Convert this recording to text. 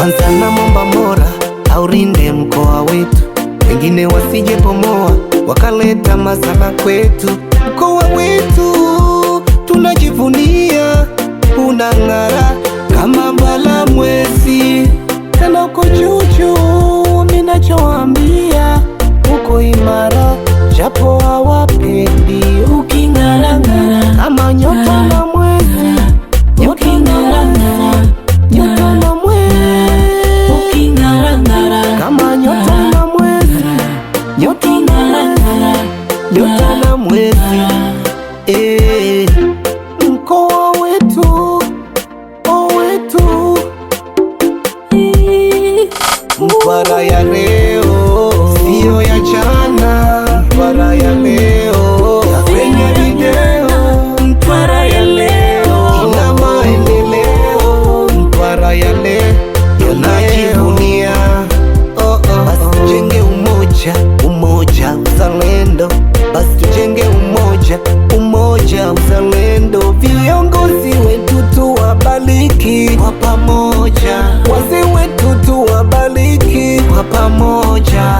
Kwanza na momba Mola aurinde mkoa wetu, wengine pomoa wakaleta masala kwetu. Mkoa wetu tunajivunia, unang'ara kama mbala mwezi, tena uko juju. minachowambia uko imara, japo hawapendi nyota na mwezi eh, mkoa wetu o wetu, mfara ya leo umoja, umoja uzalendo, viongozi wetu tuwabariki kwa pamoja, wazee wetu tuwabariki kwa pamoja.